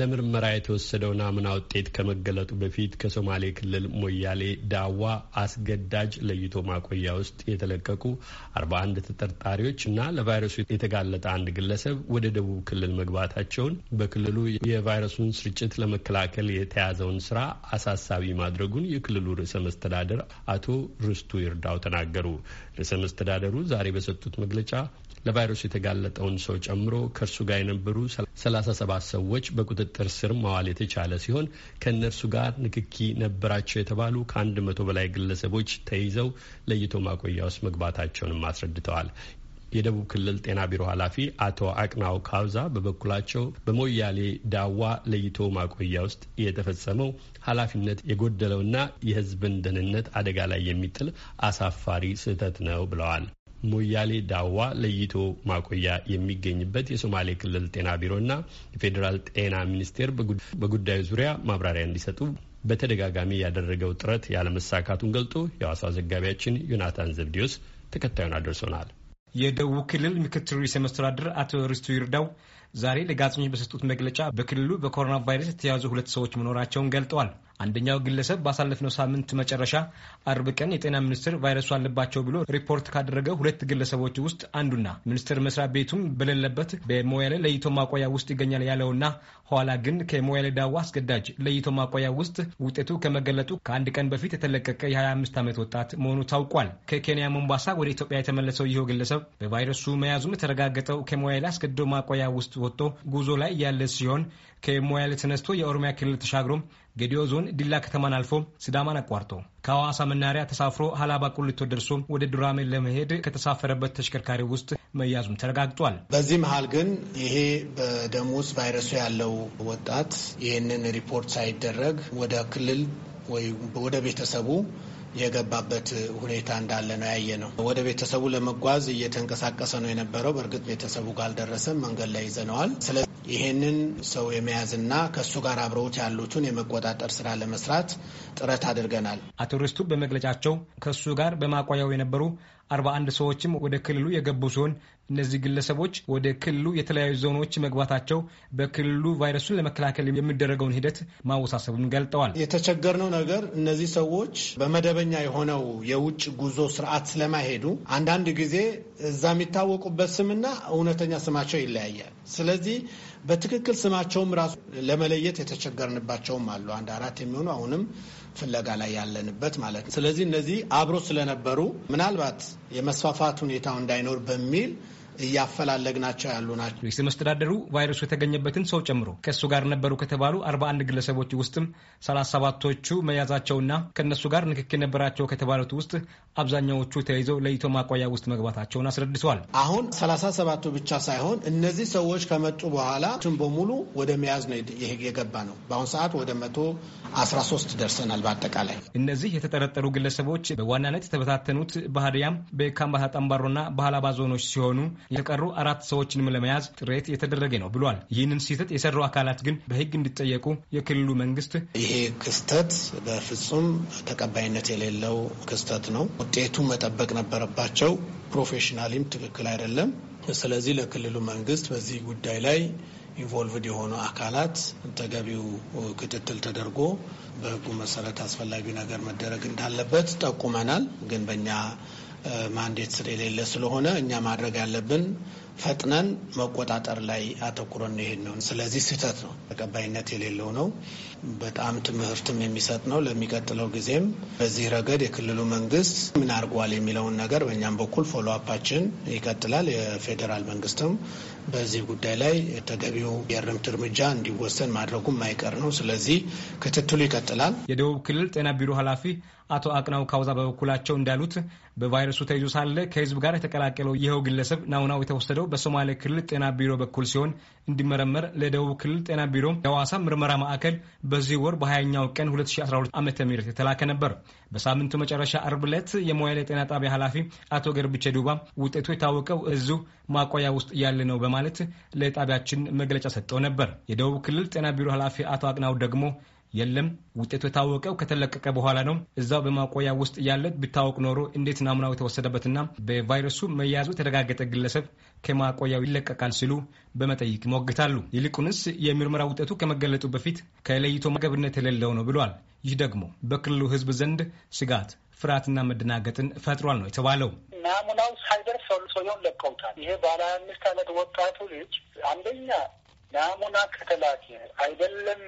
ለምርመራ የተወሰደው ናሙና ውጤት ከመገለጡ በፊት ከሶማሌ ክልል ሞያሌ ዳዋ አስገዳጅ ለይቶ ማቆያ ውስጥ የተለቀቁ 41 ተጠርጣሪዎች እና ለቫይረሱ የተጋለጠ አንድ ግለሰብ ወደ ደቡብ ክልል መግባታቸውን በክልሉ የቫይረሱን ስርጭት ለመከላከል የተያዘውን ስራ አሳሳቢ ማድረጉን የክልሉ ርዕሰ መስተዳደር አቶ ርስቱ ይርዳው ተናገሩ። ርዕሰ መስተዳደሩ ዛሬ በሰጡት መግለጫ ለቫይረሱ የተጋለጠውን ሰው ጨምሮ ከእርሱ ጋር የነበሩ 37 ሰዎች በቁጥ በቁጥጥር ስር መዋል የተቻለ ሲሆን ከእነርሱ ጋር ንክኪ ነበራቸው የተባሉ ከአንድ መቶ በላይ ግለሰቦች ተይዘው ለይቶ ማቆያ ውስጥ መግባታቸውንም አስረድተዋል። የደቡብ ክልል ጤና ቢሮ ኃላፊ አቶ አቅናው ካውዛ በበኩላቸው በሞያሌ ዳዋ ለይቶ ማቆያ ውስጥ የተፈጸመው ኃላፊነት የጎደለውና የሕዝብን ደህንነት አደጋ ላይ የሚጥል አሳፋሪ ስህተት ነው ብለዋል። ሞያሌ ዳዋ ለይቶ ማቆያ የሚገኝበት የሶማሌ ክልል ጤና ቢሮና የፌዴራል ጤና ሚኒስቴር በጉዳዩ ዙሪያ ማብራሪያ እንዲሰጡ በተደጋጋሚ ያደረገው ጥረት ያለመሳካቱን ገልጦ የሐዋሳ ዘጋቢያችን ዮናታን ዘብዲዮስ ተከታዩን አድርሶናል። የደቡብ ክልል ምክትል ርዕሰ መስተዳድር አቶ ርስቱ ይርዳው ዛሬ ለጋዜጠኞች በሰጡት መግለጫ በክልሉ በኮሮና ቫይረስ የተያዙ ሁለት ሰዎች መኖራቸውን ገልጠዋል። አንደኛው ግለሰብ ባሳለፍነው ሳምንት መጨረሻ አርብ ቀን የጤና ሚኒስቴር ቫይረሱ አለባቸው ብሎ ሪፖርት ካደረገ ሁለት ግለሰቦች ውስጥ አንዱና ሚኒስቴር መስሪያ ቤቱም በሌለበት በሞያሌ ለይቶ ማቆያ ውስጥ ይገኛል ያለውና ኋላ ግን ከሞያሌ ዳዋ አስገዳጅ ለይቶ ማቆያ ውስጥ ውጤቱ ከመገለጡ ከአንድ ቀን በፊት የተለቀቀ የ25 ዓመት ወጣት መሆኑ ታውቋል። ከኬንያ ሞምባሳ ወደ ኢትዮጵያ የተመለሰው ይኸው ግለሰብ በቫይረሱ መያዙም የተረጋገጠው ከሞያሌ አስገድዶ ማቆያ ውስጥ ወጥቶ ጉዞ ላይ ያለ ሲሆን ከሞያሌ ተነስቶ የኦሮሚያ ክልል ተሻግሮ ገዲዮ ዞን ዲላ ከተማን አልፎ ሲዳማን አቋርጦ ከሐዋሳ መናሪያ ተሳፍሮ ሀላባ ቁልቶ ደርሶ ወደ ዱራሜ ለመሄድ ከተሳፈረበት ተሽከርካሪ ውስጥ መያዙም ተረጋግጧል። በዚህ መሀል ግን ይሄ በደም ውስጥ ቫይረሱ ያለው ወጣት ይህንን ሪፖርት ሳይደረግ ወደ ክልል ወይ ወደ ቤተሰቡ የገባበት ሁኔታ እንዳለ ነው ያየ ነው። ወደ ቤተሰቡ ለመጓዝ እየተንቀሳቀሰ ነው የነበረው። በእርግጥ ቤተሰቡ ጋር አልደረሰም፣ መንገድ ላይ ይዘነዋል። ስለዚህ ይህንን ሰው የመያዝና ከእሱ ጋር አብረውት ያሉትን የመቆጣጠር ስራ ለመስራት ጥረት አድርገናል። አቶ ርስቱ በመግለጫቸው ከእሱ ጋር በማቆያው የነበሩ 41 ሰዎችም ወደ ክልሉ የገቡ ሲሆን እነዚህ ግለሰቦች ወደ ክልሉ የተለያዩ ዞኖች መግባታቸው በክልሉ ቫይረሱን ለመከላከል የሚደረገውን ሂደት ማወሳሰቡን ገልጠዋል። የተቸገርነው ነገር እነዚህ ሰዎች በመደበኛ የሆነው የውጭ ጉዞ ስርዓት ስለማይሄዱ አንዳንድ ጊዜ እዛ የሚታወቁበት ስምና እውነተኛ ስማቸው ይለያያል። ስለዚህ በትክክል ስማቸውም ራሱ ለመለየት የተቸገርንባቸውም አሉ። አንድ አራት የሚሆኑ አሁንም ፍለጋ ላይ ያለንበት ማለት ነው። ስለዚህ እነዚህ አብሮ ስለነበሩ ምናልባት የመስፋፋት ሁኔታው እንዳይኖር በሚል እያፈላለግናቸው ያሉ ናቸው። ርዕሰ መስተዳደሩ ቫይረሱ የተገኘበትን ሰው ጨምሮ ከእሱ ጋር ነበሩ ከተባሉ 41 ግለሰቦች ውስጥም 37ቶቹ መያዛቸውና ከእነሱ ጋር ንክክ የነበራቸው ከተባሉት ውስጥ አብዛኛዎቹ ተይዘው ለይቶ ማቆያ ውስጥ መግባታቸውን አስረድተዋል። አሁን 37ቱ ብቻ ሳይሆን እነዚህ ሰዎች ከመጡ በኋላ በሙሉ ወደ መያዝ ነው የገባ ነው። በአሁኑ ሰዓት ወደ 113 ደርሰናል። በአጠቃላይ እነዚህ የተጠረጠሩ ግለሰቦች በዋናነት የተበታተኑት በሀዲያም በካምባታ ጠምባሮና ዞኖች ሲሆኑ የተቀሩ አራት ሰዎችንም ለመያዝ ጥረት የተደረገ ነው ብሏል። ይህንን ስህተት የሰሩ አካላት ግን በህግ እንዲጠየቁ የክልሉ መንግስት ይሄ ክስተት በፍጹም ተቀባይነት የሌለው ክስተት ነው፣ ውጤቱ መጠበቅ ነበረባቸው፣ ፕሮፌሽናሊም ትክክል አይደለም። ስለዚህ ለክልሉ መንግስት በዚህ ጉዳይ ላይ ኢንቮልቭድ የሆኑ አካላት ተገቢው ክትትል ተደርጎ በህጉ መሰረት አስፈላጊ ነገር መደረግ እንዳለበት ጠቁመናል። ግን በእኛ ማንዴት ስለሌለ ስለሆነ እኛ ማድረግ ያለብን ፈጥነን መቆጣጠር ላይ አተኩረን ነው ይሄን ነው። ስለዚህ ስህተት ነው፣ ተቀባይነት የሌለው ነው። በጣም ትምህርትም የሚሰጥ ነው። ለሚቀጥለው ጊዜም በዚህ ረገድ የክልሉ መንግስት ምን አድርጓል የሚለውን ነገር በእኛም በኩል ፎሎ አፓችን ይቀጥላል። የፌዴራል መንግስትም በዚህ ጉዳይ ላይ ተገቢው የእርምት እርምጃ እንዲወሰን ማድረጉ ማይቀር ነው። ስለዚህ ክትትሉ ይቀጥላል። የደቡብ ክልል ጤና ቢሮ ኃላፊ አቶ አቅናው ካውዛ በበኩላቸው እንዳሉት በቫይረሱ ተይዞ ሳለ ከህዝብ ጋር የተቀላቀለው ይኸው ግለሰብ ናውናው የተወሰደው በሶማሌ ክልል ጤና ቢሮ በኩል ሲሆን እንዲመረመር ለደቡብ ክልል ጤና ቢሮ የሐዋሳ ምርመራ ማዕከል በዚህ ወር በ ኛው ቀን 2012 ዓ ም የተላከ ነበር። በሳምንቱ መጨረሻ አርብ ዕለት የሞያሌ ጤና ጣቢያ ኃላፊ አቶ ገርብቼ ዱባ ውጤቱ የታወቀው እዚሁ ማቆያ ውስጥ ያለ ነው በማለት ለጣቢያችን መግለጫ ሰጠው ነበር። የደቡብ ክልል ጤና ቢሮ ኃላፊ አቶ አቅናው ደግሞ የለም ውጤቱ የታወቀው ከተለቀቀ በኋላ ነው። እዛው በማቆያ ውስጥ ያለ ቢታወቅ ኖሮ እንዴት ናሙናው የተወሰደበትና በቫይረሱ መያዙ የተረጋገጠ ግለሰብ ከማቆያው ይለቀቃል ሲሉ በመጠይቅ ይሞግታሉ። ይልቁንስ የምርመራ ውጤቱ ከመገለጡ በፊት ከለይቶ ማገብነት የሌለው ነው ብሏል። ይህ ደግሞ በክልሉ ሕዝብ ዘንድ ስጋት ፍርሃትና መደናገጥን ፈጥሯል ነው የተባለው። ናሙናው ሳይደርስ ሰውየውን ለቀውታል። ይሄ ባለ አምስት ዓመት ወጣቱ ልጅ አንደኛ ናሙና ከተላከ አይደለም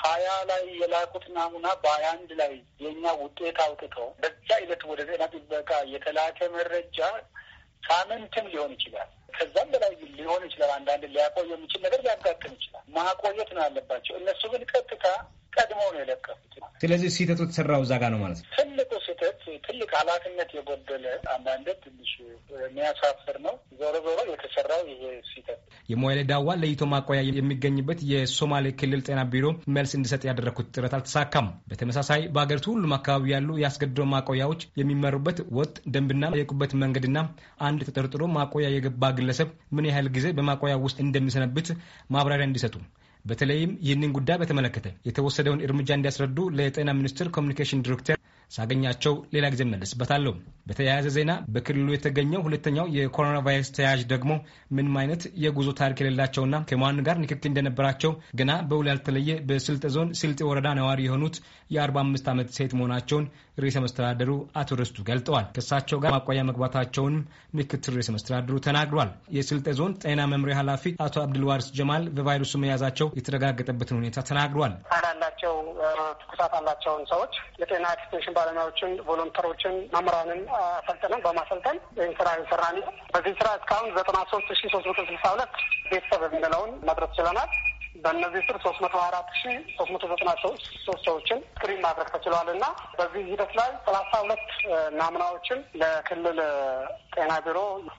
ሀያ ላይ የላኩት ናሙና በሀያ አንድ ላይ የእኛ ውጤት አውጥተው በዛ ይለት ወደ ጤና ጥበቃ የተላከ መረጃ ሳምንትም ሊሆን ይችላል፣ ከዛም በላይ ሊሆን ይችላል። አንዳንድ ሊያቆይ የሚችል ነገር ሊያጋጥም ይችላል። ማቆየት ነው ያለባቸው። እነሱ ግን ቀጥታ ቀድሞ ነው የለቀፉት። ስለዚህ ስህተቱ የተሰራው እዛ ጋ ነው ማለት ነው። ትልቁ ትልቅ ኃላፊነት የጎደለ አንዳንድ ትንሽ የሚያሳፍር ነው። ዞሮ ዞሮ የተሰራው ይሄ ሲተት የሞያሌ ዳዋ ለይቶ ማቆያ የሚገኝበት የሶማሌ ክልል ጤና ቢሮ መልስ እንዲሰጥ ያደረግኩት ጥረት አልተሳካም። በተመሳሳይ በሀገሪቱ ሁሉም አካባቢ ያሉ የአስገድዶ ማቆያዎች የሚመሩበት ወጥ ደንብና የቁበት መንገድና አንድ ተጠርጥሮ ማቆያ የገባ ግለሰብ ምን ያህል ጊዜ በማቆያ ውስጥ እንደሚሰነብት ማብራሪያ እንዲሰጡ በተለይም ይህንን ጉዳይ በተመለከተ የተወሰደውን እርምጃ እንዲያስረዱ ለጤና ሚኒስቴር ኮሚኒኬሽን ዲሬክተር ሳገኛቸው ሌላ ጊዜ መለስበታለሁ። በተያያዘ ዜና በክልሉ የተገኘው ሁለተኛው የኮሮና ቫይረስ ተያያዥ ደግሞ ምንም አይነት የጉዞ ታሪክ የሌላቸውና ከማን ጋር ንክኪ እንደነበራቸው ገና በውል ያልተለየ በስልጤ ዞን ስልጤ ወረዳ ነዋሪ የሆኑት የ45 ዓመት ሴት መሆናቸውን ርዕሰ መስተዳደሩ አቶ ረስቱ ገልጠዋል። ከእሳቸው ጋር ማቋያ መግባታቸውንም ምክትል ርዕሰ መስተዳደሩ ተናግሯል። የስልጤ ዞን ጤና መምሪያ ኃላፊ አቶ አብድልዋርስ ጀማል በቫይረሱ መያዛቸው የተረጋገጠበትን ሁኔታ ተናግሯል። ላላቸው ትኩሳት አላቸውን ሰዎች የጤና ኤክስቴንሽን ባለሙያዎችን፣ ቮሎንተሮችን፣ መምህራንን አሰልጥነን በማሰልጠን ይህን ስራ ይሰራል። በዚህ ስራ እስካሁን ዘጠና ሶስት ሺ ሶስት መቶ ስልሳ ሁለት ቤተሰብ የምንለውን መድረስ ችለናል። በእነዚህ ስር ሶስት መቶ አራት ሺ ሶስት መቶ ዘጠና ሶስት ሰዎችን ስክሪን ማድረግ ተችሏል እና በዚህ ሂደት ላይ ሰላሳ ሁለት ናሙናዎችን ለክልል ጤና ቢሮ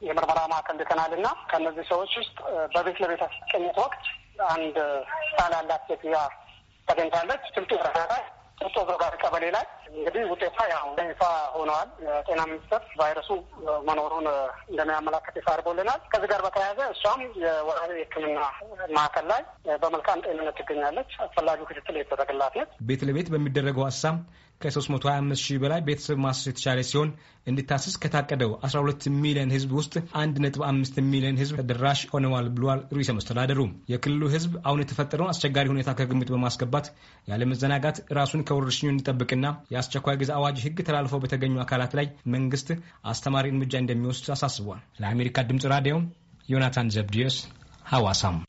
የምርመራ ማዕከል ልከናል እና ከእነዚህ ሰዎች ውስጥ በቤት ለቤት አስቀኝት ወቅት አንድ ሳል ያላት ሴትያ ተገኝታለች። ስልጡ ረዳታ ስልጡ ዘባር ቀበሌ ላይ እንግዲህ ውጤቷ ያው ይፋ ሆነዋል። ጤና ሚኒስቴር ቫይረሱ መኖሩን እንደሚያመላከት ይፋ አድርጎልናል። ከዚህ ጋር በተያያዘ እሷም የወራቤ ሕክምና ማዕከል ላይ በመልካም ጤንነት ትገኛለች። አስፈላጊው ክትትል የተደረገላት ነች። ቤት ለቤት በሚደረገው ሀሳብ ከ325 ሺህ በላይ ቤተሰብ ማሰስ የተቻለ ሲሆን እንዲታሰስ ከታቀደው 12 ሚሊዮን ህዝብ ውስጥ 1.5 ሚሊዮን ህዝብ ተደራሽ ሆነዋል ብሏል ርዕሰ መስተዳደሩ። የክልሉ ህዝብ አሁን የተፈጠረውን አስቸጋሪ ሁኔታ ከግምት በማስገባት ያለመዘናጋት ራሱን ከወረርሽኙ እንዲጠብቅና የአስቸኳይ ጊዜ አዋጅ ህግ ተላልፎ በተገኙ አካላት ላይ መንግስት አስተማሪ እርምጃ እንደሚወስድ አሳስቧል። ለአሜሪካ ድምጽ ራዲዮ ዮናታን ዘብዲዮስ ሐዋሳም